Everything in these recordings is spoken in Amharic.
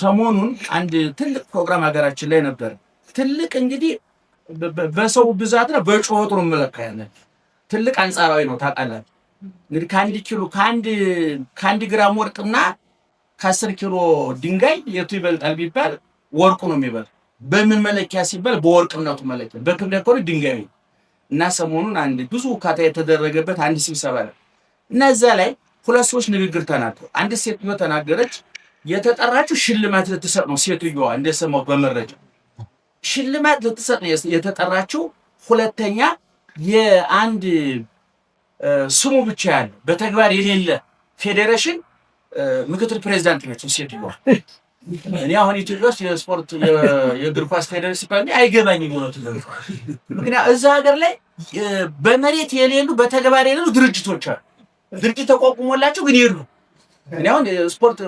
ሰሞኑን አንድ ትልቅ ፕሮግራም ሀገራችን ላይ ነበር። ትልቅ እንግዲህ በሰው ብዛት ነው በጩኸቱ ነው የምለካ ትልቅ አንጻራዊ ነው ታውቃለህ። እንግዲህ ከአንድ ኪሎ ከአንድ ግራም ወርቅና ከአስር ኪሎ ድንጋይ የቱ ይበልጣል ቢባል ወርቁ ነው የሚበል። በምን መለኪያ ሲባል በወርቅነቱ መለኪያ፣ በክብደት ከሆነ ድንጋይ እና ሰሞኑን አንድ ብዙ ውካታ የተደረገበት አንድ ስብሰባ ነው እና እዛ ላይ ሁለት ሰዎች ንግግር ተናገሩ። አንድ ሴትዮ ተናገረች። የተጠራችው ሽልማት ልትሰጥ ነው። ሴትዮዋ እንደሰማው በመረጃ ሽልማት ልትሰጥ ነው የተጠራችው። ሁለተኛ የአንድ ስሙ ብቻ ያለ በተግባር የሌለ ፌዴሬሽን ምክትል ፕሬዚዳንት ነች ሴትዮዋ። እኔ አሁን ኢትዮጵያ ውስጥ የስፖርት የእግር ኳስ ፌዴሬሽን ሲባል አይገባኝ ሆነቱ ምክንያት እዛ ሀገር ላይ በመሬት የሌሉ በተግባር የሌሉ ድርጅቶች አሉ። ድርጅት ተቋቁሞላቸው ግን የሉ እኔ አሁን ስፖርት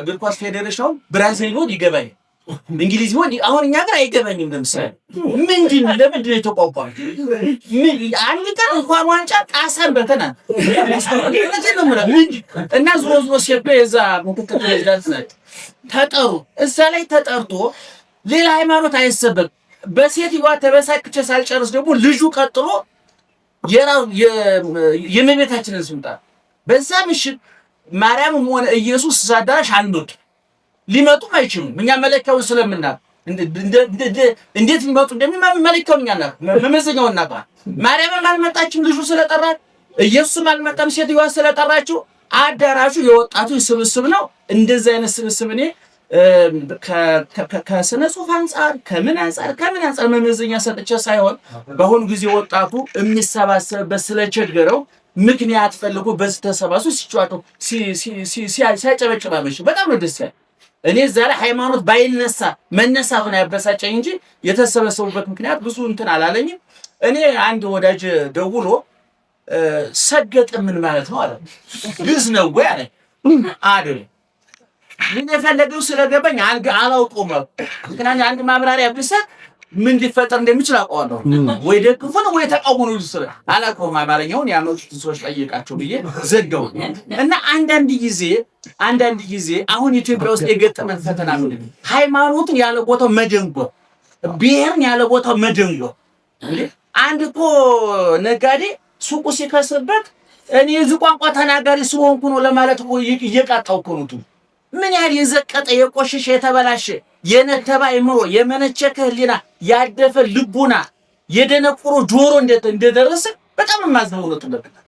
እግር ኳስ ፌዴሬሽን ብራዚል ቢሆን ይገባኝ፣ እንግሊዝ ቢሆን አሁን እኛ ጋር አይገባኝም። ለምሳሌ ምንድን ለምንድን ነው የተቋቋመ? አንድ ቀን እንኳን ዋንጫ ጣሰን በተና እና ዞሮ ዞሮ ሴፕ የዛ ምክትል ፕሬዚዳንት ናት ተጠሩ። እዛ ላይ ተጠርቶ ሌላ ሃይማኖት አይሰበክ። በሴትዮዋ ተበሳክቼ ሳልጨርስ ደግሞ ልጁ ቀጥሎ የራ የእመቤታችንን ስምጣ በዛ ምሽት ማርያምም ሆነ ኢየሱስ እዛ አዳራሽ አንዱት ሊመጡ አይችሉም። እኛ መለኪያውን ስለምናውቅ እንዴት ሊመጡ እንደሚማ መለኪያውን እኛ እናውቅ፣ መመዘኛውን እናውቃለን። ማርያምም አልመጣችም፣ ልጁ ስለጠራት፣ ኢየሱስም አልመጣም፣ ሴትዮዋ ስለጠራችው፣ አዳራሹ የወጣቱ ስብስብ ነው። እንደዚህ አይነት ስብስብ እኔ ከስነ ጽሁፍ አንጻር ከምን አንጻር ከምን አንጻር መመዘኛ ሰጥቼ ሳይሆን በአሁኑ ጊዜ ወጣቱ የሚሰባሰብበት ስለቸገረው ምክንያት ፈልጎ በዚህ ተሰባሱ ሲጫወቱ ሲያጨበጭብ አመሸ። በጣም ነው ደስ ያለ። እኔ እዛ ላይ ሃይማኖት ባይነሳ መነሳ ሆነ ያበሳጨኝ እንጂ የተሰበሰቡበት ምክንያት ብዙ እንትን አላለኝም። እኔ አንድ ወዳጅ ደውሎ ሰገጥ ምን ማለት ነው አለ። ግዝ ነው ወይ አለ። አይደለም ምን የፈለገው ስለገባኝ አላውቀውም። ምክንያቱም አንድ ማብራሪያ ብሰጥ ምን ሊፈጠር እንደሚችል አውቀዋለሁ። ወይ ደግፉን ወይ ተቃውሞ ነው ስለ አላውቀውም። አማርኛውን ያመጡትን ሰዎች ጠይቃቸው ብዬ ዘጋው እና አንዳንድ ጊዜ አንዳንድ ጊዜ አሁን ኢትዮጵያ ውስጥ የገጠመን ፈተና ምንድን ነው? ሃይማኖትን ያለ ቦታው መደንጎር፣ ብሔርን ያለ ቦታው መደንጎር። አንድ እኮ ነጋዴ ሱቁ ሲከስበት እኔ የዚህ ቋንቋ ተናጋሪ ስለሆንኩ ነው ለማለት እየቃጣው እኮ ነው ምን ያህል የዘቀጠ የቆሸሸ የተበላሸ የነተባ አይምሮ የመነቸከ ህሊና ያደፈ ልቡና የደነቆሮ ጆሮ እንደደረሰ በጣም የማዛውነቱ ለብናል